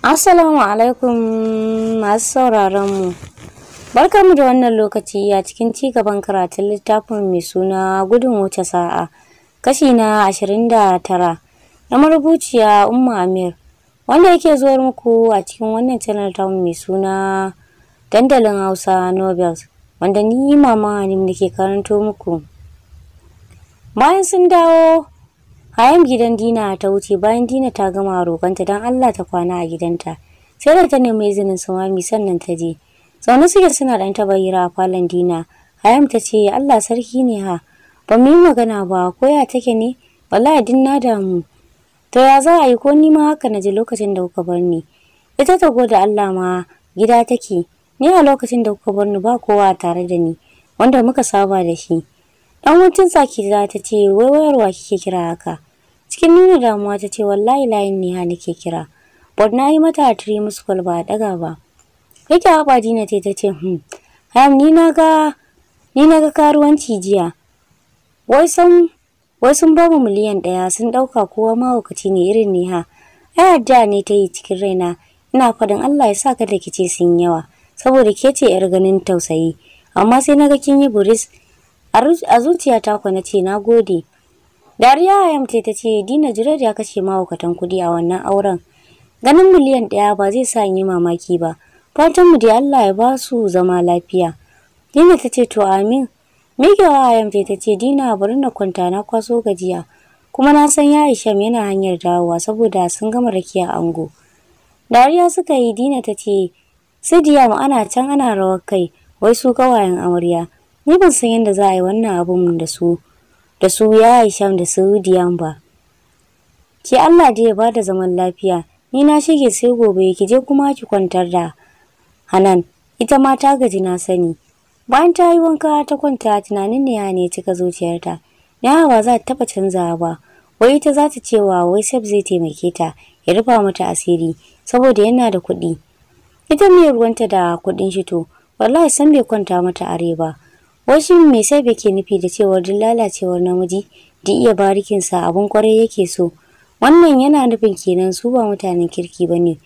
Assalamu alaikum masu sauraron mu. Barkanmu da wannan lokaci a cikin ci gaban karatun littafin mai suna gudun wuce sa'a. Kashi na ashirin da tara, na marubuciya Umma Amir wanda yake zuwa muku a cikin wannan channel ta mai suna dandalin Hausa Nobels wanda ni mama nake karanto muku. Bayan sun dawo Hayan gidan Dina ta wuce bayan Dina ta gama roƙanta don Allah ta kwana a gidanta. Sai da ta nemi izinin samami sannan ta je. Zaune suke suna ɗan bayyana a falon Dina. Hayam ta ce Allah sarki ne ha. Ba mu yi magana ba ko ya take ne? Wallahi din na damu. To ya za a yi ko ni ma haka na ji lokacin da kuka bar ni. Ita ta gode Allah ma gida take. Ni a lokacin da kuka bar ni ba kowa tare da ni wanda muka saba da shi. Dan wancan saki za ta ce wai wayarwa kike kira haka. Cikin nuna damuwa ta ce wallahi layin ne ha nake kira. Bot na yi mata a musu ba a ɗaga ba. Yake haɓa dina ce ta ce hmm. Hayam ni na ga ni na ga karuwanci jiya. Wai sun wai sun ba miliyan ɗaya sun ɗauka kowa mahaukaci ne irin ne ha. Ai ne ta yi cikin raina ina faɗin Allah ya sa ka da kice sun yawa saboda kece 'yar ganin tausayi. amma sai naga kin yi buris a zuciyata ku na ce na gode dariya ayamte ta ce dina jirar ya kashe mahaukatan kuɗi a wannan auren ganin miliyan ɗaya ba zai sa in yi mamaki ba fatan mu da allah ya ba su zama lafiya dina ta ce to amin migewa hayam ta ce dina bari na kwanta na kwaso gajiya kuma na san ya isham yana hanyar dawowa saboda sun gama rakiya ango dariya suka yi dina ta ce sidiyam ana can ana rawar kai wai su gawayen amarya ni ban san yadda za a yi wannan abun da su da su ya Aisham da Saudiyan ba ki Allah da ya bada zaman lafiya ni na shige sai gobe ki je kuma ki kwantar da Hanan ita ma ta gaji na sani bayan ta yi wanka ta kwanta tunanin ne ya ne cika zuciyarta ya ba za ta taba canzawa ba wai ita za ta cewa wai sab zai taimake ta ya rufa mata asiri saboda yana da kuɗi ita mai ruwanta da kuɗin shito, wallahi san bai kwanta mata are ba Wasu me sai ke nufi da cewar duk lalacewar namiji da iya barikinsa abun kwarai yake so. Wannan yana nufin kenan su ba mutanen kirki ba ne.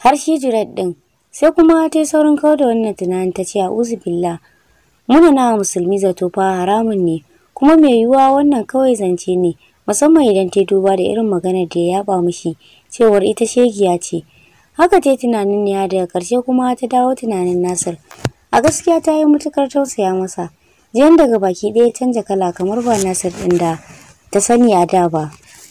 Har shi Juret ɗin sai kuma ta yi saurin kawar da wannan tunanin ta ce a'uzu billah Muna na musulmi zato fa haramun ne kuma mai yiwuwa wannan kawai zance ne musamman idan ta duba da irin maganar da ya yaba mishi cewar ita shegiya ce. Haka ta tunanin ne daga ƙarshe kuma ta dawo tunanin Nasir. a gaskiya ta yi matukar tausaya masa jiyan daga baki ɗaya canja kala kamar ba nasir ɗin da ta sani a da ba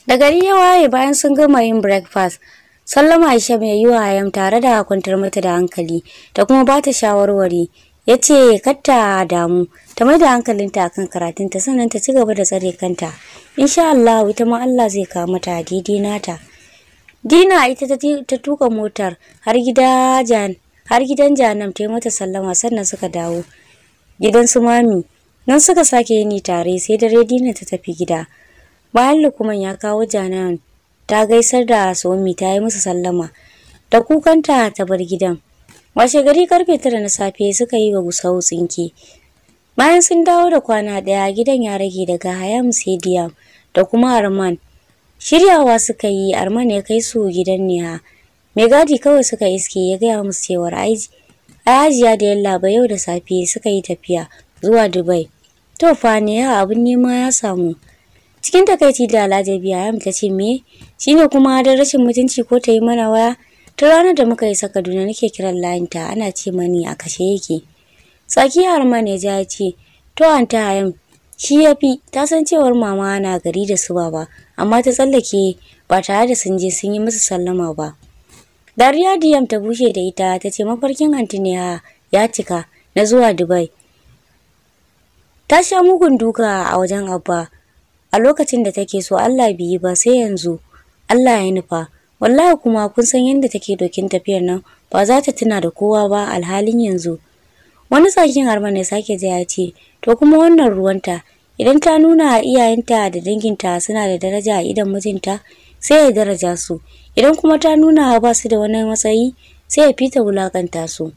da gari ya waye bayan sun gama yin breakfast sallama aisha mai yi wayam tare da kwantar mata da hankali ta kuma ba ta shawarwari ya ce katta damu ta mai da hankalinta kan karatunta sannan ta ci gaba da tsare kanta insha Allah ita ma Allah zai kawo mata daidai nata Dina ita ta tuka motar har gida Jan har gidan Janam ta yi mata sallama sannan suka dawo gidan su mami nan suka sake yini tare sai dare Dina ta tafi gida bayan lukuman ya kawo Janam ta gaisar da Somi ta yi musu sallama da kukanta ta bar gidan washe gari karfe tara na safe suka yi wa gusau tsinke bayan sun dawo da kwana ɗaya gidan ya rage daga hayam sediyam da kuma arman shiryawa suka yi arman ya kai su gidan niha mai gadi kawai suka iske ya gaya musu cewar aji ajiya da yallaba yau da safe suka yi tafiya zuwa dubai to fa ne ya abin nema ya samu cikin takaici da alhaji ya ta ce me shine kuma da rashin mutunci ko ta yi mana waya ta ranar da muka isa kaduna nake kiran layinta ana ce mani a kashe yake tsaki har maneja ya ce to an ta hayan shi ya fi ta san cewar mama na gari da su baba amma ta tsallake ba tare da sun je sun yi musu sallama ba Dariya DM ta bushe da ita ta ce mafarkin Antiniya ya cika na zuwa Dubai. Ta sha mugun duka a wajen Abba a lokacin da take so Allah biyi ba sai yanzu Allah ya nufa. Wallahi kuma kun san yadda take dokin tafiyar nan ba za ta tuna da kowa ba alhalin yanzu. Wani sakin harman ne sake ya ce, To kuma wannan ruwanta, idan ta nuna iyayenta da danginta suna da daraja a idan mijinta, sai ya daraja su. idan kuma ta nuna ba su da wani matsayi sai ya fita wulakanta su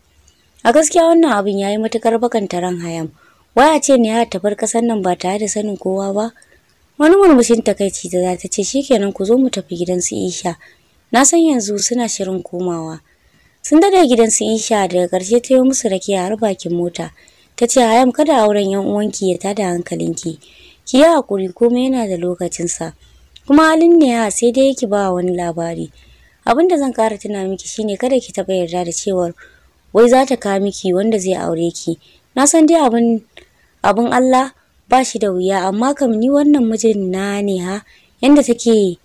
a gaskiya wannan abin ya yi matukar bakan taron hayam waya ce ne ya tabar kasar nan ba tare da sanin kowa ba wani murmushin takaici da za ta ce shikenan ku zo mu tafi gidan su isha na san yanzu suna shirin komawa sun dade gidan su isha daga ƙarshe ta yi musu rake har bakin mota ta ce hayam kada auren yan uwanki ya tada hankalinki ki yi hakuri komai yana da lokacinsa kuma halin ne ya sai dai yake ba wani labari abin da zan ƙara tuna miki shine kada ki taba yarda da cewar wai za ta kawo miki wanda zai aure ki na san dai abin abin Allah ba shi da wuya amma kam ni wannan mijin na ne ha yanda take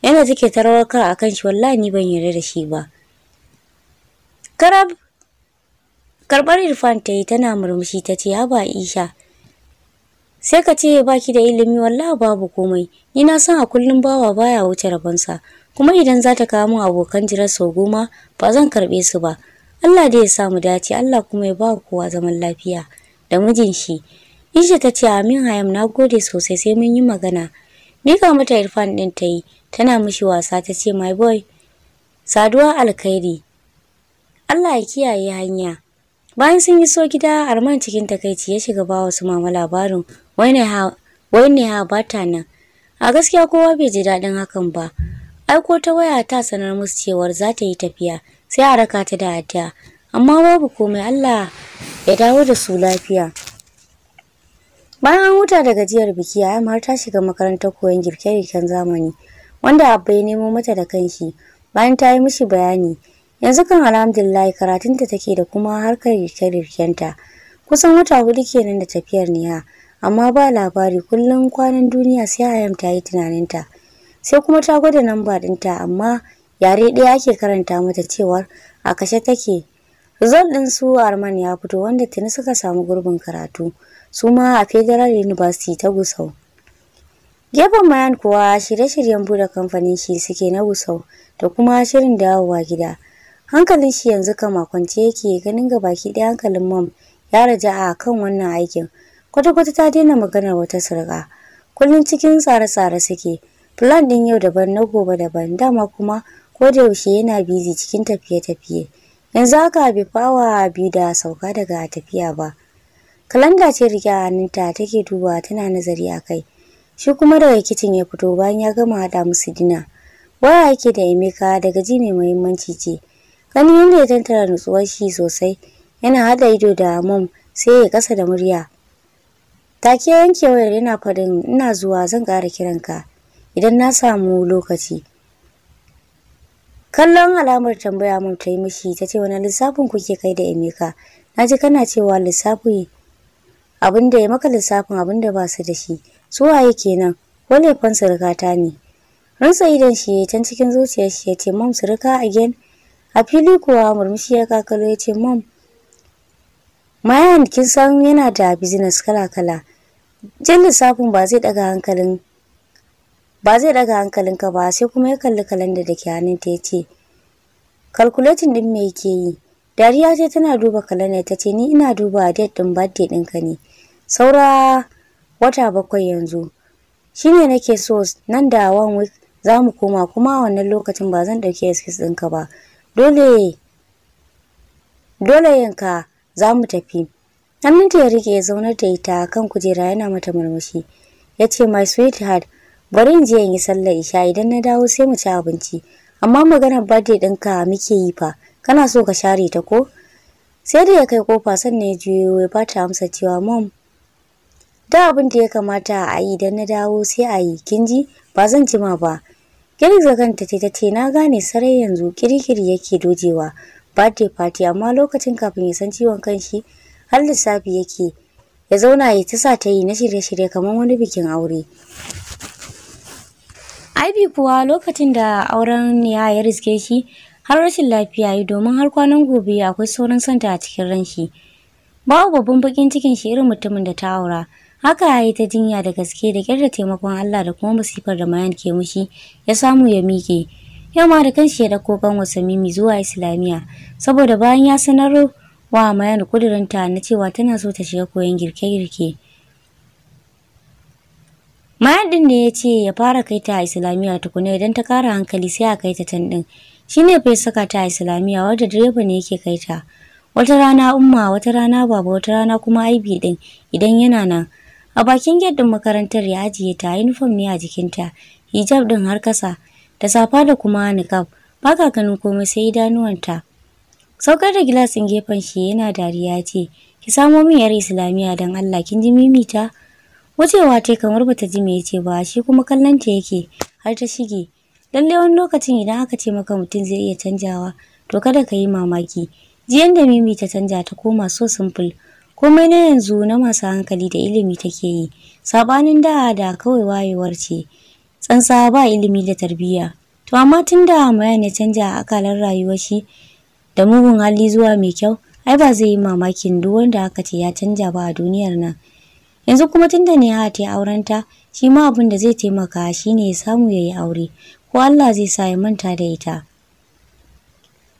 yanda take tarawar akan shi wallahi ni ban yarda da shi ba karab karɓar irfan ta yi tana murmushi ta ce haba isha sai ka ce baki da ilimi wallahi babu komai Ina son a kullum bawa baya wuce rabonsa, kuma idan za ta kawo min abokan jirar sau goma ba zan karɓe su ba. Allah da ya sa mu dace, Allah kuma ya ba kowa zaman lafiya da mijin shi. Isha ta ce Amin Hayam na gode sosai sai mun yi magana. Mika mata Irfan ɗin ta yi, tana mishi wasa ta ce my boy, saduwa alkhairi. Allah ya kiyaye hanya. Bayan sun iso gida, Arman cikin takaici ya shiga ba su mama labarin wai ne ha bata nan. A gaskiya kowa bai ji daɗin hakan ba. Aiko ta waya ta sanar musu cewar za ta yi tafiya sai a raka ta da addu'a. Amma babu komai Allah ya dawo da su lafiya. Bayan an huta da gajiyar biki, Ayam har ta shiga makarantar koyon girke-girken zamani, wanda Abba ya nemo mata da kanshi bayan ta yi mishi bayani. Yanzu kan alhamdulillah karatunta take da kuma harkar girke-girkenta. Kusan wata hudu kenan da tafiyar Niha. amma ba labari kullum kwanan duniya sai hayam ta yi tunaninta sai kuma ta gwada namba ɗinta amma yare ɗaya ake karanta mata cewar a kashe take result ɗin su arman ya fito wanda tuni suka samu gurbin karatu su ma a federal university ta gusau gefen mayan kuwa shirye-shiryen bude kamfanin shi suke na gusau da kuma shirin dawowa gida hankalin shi yanzu kama kwance yake ganin ga baki ɗaya hankalin mom ya raja a kan wannan aikin kwata-kwata ta daina maganar wata surga kullum cikin tsare-tsare suke plan ɗin yau daban na gobe daban dama kuma ko da yaushe yana bizi cikin tafiye-tafiye yanzu haka bai fawa biyu da sauka daga tafiya ba kalanda ce rike a hannunta take duba tana nazari a kai shi kuma daga kicin ya fito bayan ya gama haɗa musu dina waya yake da emeka daga ji mai muhimmanci ce ganin yadda ya tantara nutsuwar shi sosai yana haɗa ido da mom sai ya kasa da murya Take yanke wayar yana faɗin ina zuwa zan ƙara kiranka idan na samu lokaci. Kallon alamar tambaya mun ta yi mishi ta ce wani lissafin kuke kai da Emeka. Na ji kana cewa lissafi abin da ya maka lissafin abin da ba su da shi. Su waye kenan? Wale fan surukata ne. Rantsa idan shi ya can cikin zuciyar shi ya ce mom suruka again. A fili kuwa murmushi ya kakalo ya ce mom Mayan kin san yana da business kala-kala. jan lissafin ba zai daga hankalin ba zai daga hankalinka ba sai kuma ya kalli kalanda da ke hannunta ya ce kalkulatin din me yake yi dariya ce tana duba kalanda ta ce ni ina duba date din birthday ɗinka ne saura wata bakwai yanzu shine nake so nan da one week za mu koma kuma a wannan lokacin ba zan ɗauki excuse ɗinka ba dole dole yanka za mu tafi hannunta ya rike ya zaunar da ita kan kujera yana mata murmushi ya ce my sweetheart bari in je in yi sallar isha idan na dawo sai mu ci abinci amma maganar birthday ɗinka muke yi fa kana so ka share ta ko sai da ya kai kofa sannan ya juyo ya bata amsa cewa mom da abin da ya kamata a yi idan na dawo sai a yi kin ji ba zan jima ba girgiza kanta ce ta ce na gane sarai yanzu kirikiri yake dojewa birthday party amma lokacin kafin ya san ciwon kanshi har lissafi yake ya zauna ya ta sa ta yi na shirye-shirye kamar wani bikin aure. Aibi kuwa lokacin da auren ya ya riske shi har rashin lafiya yi domin har kwanan gobe akwai sauran santa a cikin ran shi. Babu babban bakin cikin shi irin mutumin da ta aura. Haka ya yi ta jinya da gaske da kyar da taimakon Allah da kuma masifar da mayan ke mushi ya samu ya miƙe. Yau da kanshi ya dauko kan wasa mimi zuwa Islamiyya saboda bayan ya sanar wa mayar kudurinta na cewa tana so ta shiga koyon girke-girke. Mayar ɗin da ya ce ya fara kai ta Islamiyya tukuna idan ta kara hankali sai a kai ta can ɗin. Shi ne fai saka ta Islamiyya wadda direba ne yake kai ta. Wata rana umma, wata rana baba, wata rana kuma aibi din, idan yana nan. A bakin gate makarantar ya ajiye ta uniform ne a jikinta, hijab din har kasa, da safa da kuma niqab. Ba ka ganin komai sai idanuwanta. Saukar da gilasin gefen shi yana dariya ce, ki samo min yar Islamiyya don Allah kin ji mimita. Wucewa ta kamar bata ji me yace ba, shi kuma kallon ta yake har ta shige. Lallai wani lokacin idan aka ce maka mutum zai iya canjawa, to kada ka yi mamaki. ji da Mimi ta canja ta koma so simple. Komai na yanzu na masu hankali da ilimi take yi. Sabanin da da kawai wayewar ce. Tsantsa ba ilimi da tarbiyya. To amma tun da ma ya canja akalar rayuwar shi, da mugun hali zuwa mai kyau ai ba zai yi mamakin duk wanda aka ce ya canja ba a duniyar nan yanzu kuma tunda ne ya ta aurenta shi ma abin da zai taimaka shine ya samu ya yi aure ko Allah zai sa ya manta da ita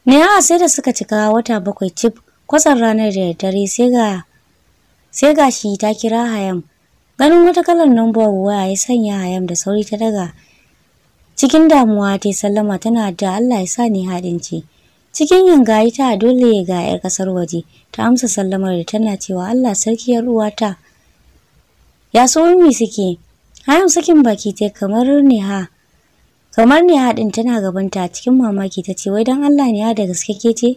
Neha sai da suka cika wata bakwai cif kwatsar ranar da dare sai ga shi ta kira Hayam ganin wata kalar number waya ya sanya Hayam da sauri ta daga cikin damuwa ta sallama tana da Allah ya sa ni haɗin ce Cikin yin gayi ta dole ya ga 'yar kasar waje ta amsa sallamar da tana cewa Allah sarki yar uwata. Ya so mi suke? hayan sakin baki ta kamar ne ha. Kamar ne ha din tana gabanta cikin mamaki ta ce wai dan Allah ne ha da gaske ke ce?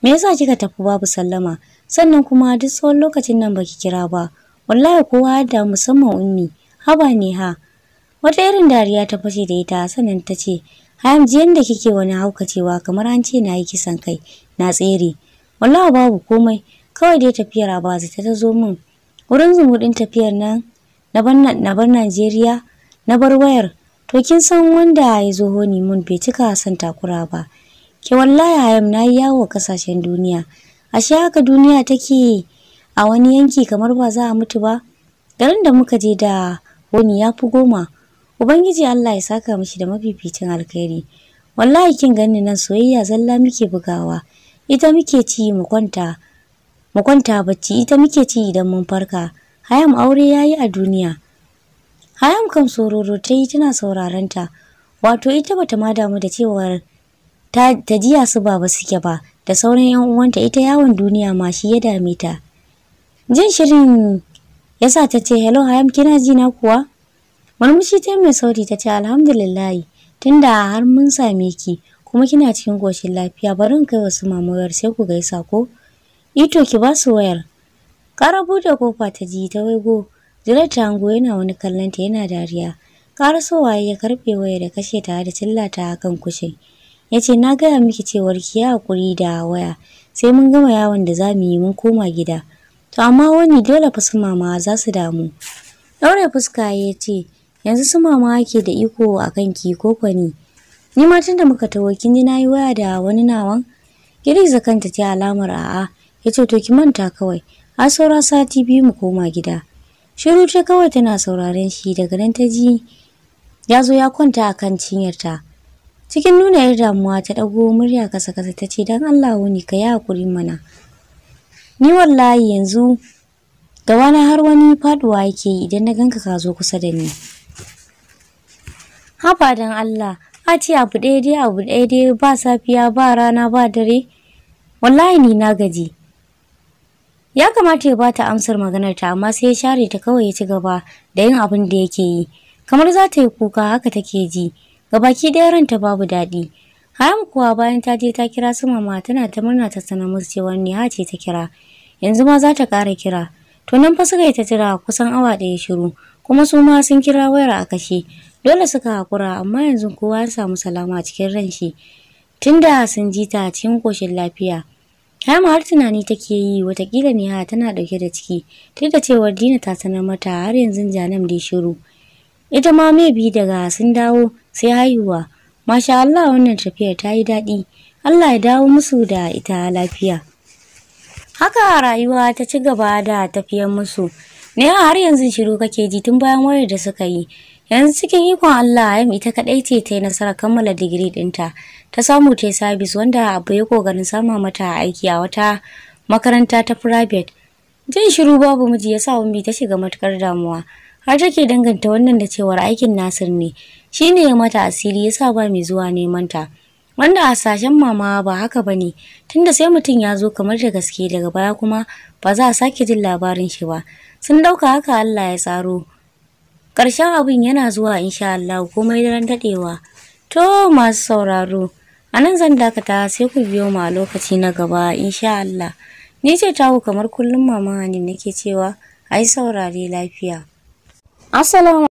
Me yasa kika tafi babu sallama? Sannan kuma duk tsawon lokacin nan baki kira ba. Wallahi kowa da musamman ummi. Haba ne ha. Wata irin dariya ta fashe da ita sannan ta ce Hayam ji yanda kike wani haukacewa kamar an ce na yi kisan kai, na tsere. Wallahi babu komai, kawai dai tafiyar Abazi ta zo min. Wurin zumuɗin tafiyar nan, na bar Najeriya, na bar wayar. To kin san wanda ya zo honi mun bai cika son takura ba. Ke wallahi Hayam na yi yawo kasashen duniya. Ashe haka duniya take a wani yanki kamar ba za a mutu ba. Garin da muka je da honi ya fi goma. Ubangiji Allah ya saka mishi da mafificin alkhairi. Wallahi kin ganni nan soyayya zalla muke bugawa. Ita muke ci mu kwanta. Mu kwanta bacci ita muke ci idan mun farka. Hayam aure yayi a duniya. Hayam kan sororo ta yi tana sauraron ta. Wato ita bata ma damu da cewar ta jiya su baba suke ba da sauran 'yan uwanta ita yawon duniya ma shi ya dame ta. Jin shirin yasa ta ce hello Hayam kina ji na kuwa? Murmushi ta mai sauri ta ce alhamdulillahi tunda har mun same ki kuma kina cikin goshin lafiya barin kai wasu mamayar sai ku gaisa ko. Ito eh ki ba su wayar. Kara buɗe kofa ta ji ta waigo Jirar ta hango yana wani kallon ta yana dariya. so kara waye ya karɓe waya da kashe tare da tillata akan kan kushin. Ya ce, Na gaya miki cewar ki ya haƙuri da waya, sai mun gama yawon da za mu yi mun koma gida. To amma wani dole fa su mama za su damu. Ɗaure fuska ya ce, yanzu su mama ke da iko a kanki ko kwani ni ma tun da muka tawo kin ji nayi waya da wani nawan girgiza kanta ta alamar a'a yace to ki manta kawai a saura sati biyu mu koma gida shiru ta kawai tana sauraren shi daga nan ta ji ya zo ya kwanta a kan cinyarta cikin nuna yar damuwa ta ɗago murya kasa kasa ta ce don allah wuni ka yi hakuri mana ni wallahi yanzu na har wani faduwa yake idan na ganka ka zo kusa da ni Haba don Allah, a ce abu ɗaya dai abu ɗaya dai ba safiya ba rana ba dare. Wallahi ni na gaji. Ya kamata ya bata amsar maganar ta amma sai ya share ta kawai ya ci gaba da yin abin da yake yi. Kamar za ta yi kuka haka take ji. Gabaki ɗaya ranta babu daɗi. Haram kuwa bayan ta je ta kira su mama tana ta murna ta sanar musu cewa ha ce ta kira. Yanzu ma za ta ƙara kira. To nan fa suka yi ta jira kusan awa ɗaya shiru. Kuma su ma sun kira wayar a kashe. Dole suka haƙura amma yanzu kowa ya samu salama cikin ran shi. Tunda sun ji ta cikin ƙoshin lafiya. Hama har tunani take yi watakila ha tana ɗauke da ciki duk da cewar Dina ta sanar mata har yanzu Janam dai shiru. Ita ma mai bi daga sun dawo sai haihuwa. Masha Allah wannan tafiyar ta yi daɗi. Allah ya dawo musu da ita lafiya. Haka rayuwa ta ci gaba da tafiyar musu. ne har yanzu shiru kake ji tun bayan wayar da suka yi. yanzu cikin ikon Allah ayam ita kadai ce ta yi nasarar kammala digiri dinta ta samu ta sabis wanda abu ya kokarin sama mata aiki a wata makaranta ta private jin shiru babu miji ya sa ummi ta shiga matukar damuwa har take danganta wannan da cewar aikin Nasir ne shine ya mata asiri ya sa ba mai zuwa neman ta wanda a sashen mama ba haka bane tunda sai mutum ya zo kamar da gaske daga baya kuma ba za a sake jin labarin shi ba sun dauka haka Allah ya tsaro Ƙarshen abin yana zuwa insha Allah komai daren daɗewa. To masu sauraro, a nan zan dakata sai ku biyo mu a lokaci na gaba insha Allah. Ni ce tawo kamar kullum mama ne nake cewa ai saurare lafiya. Assalamu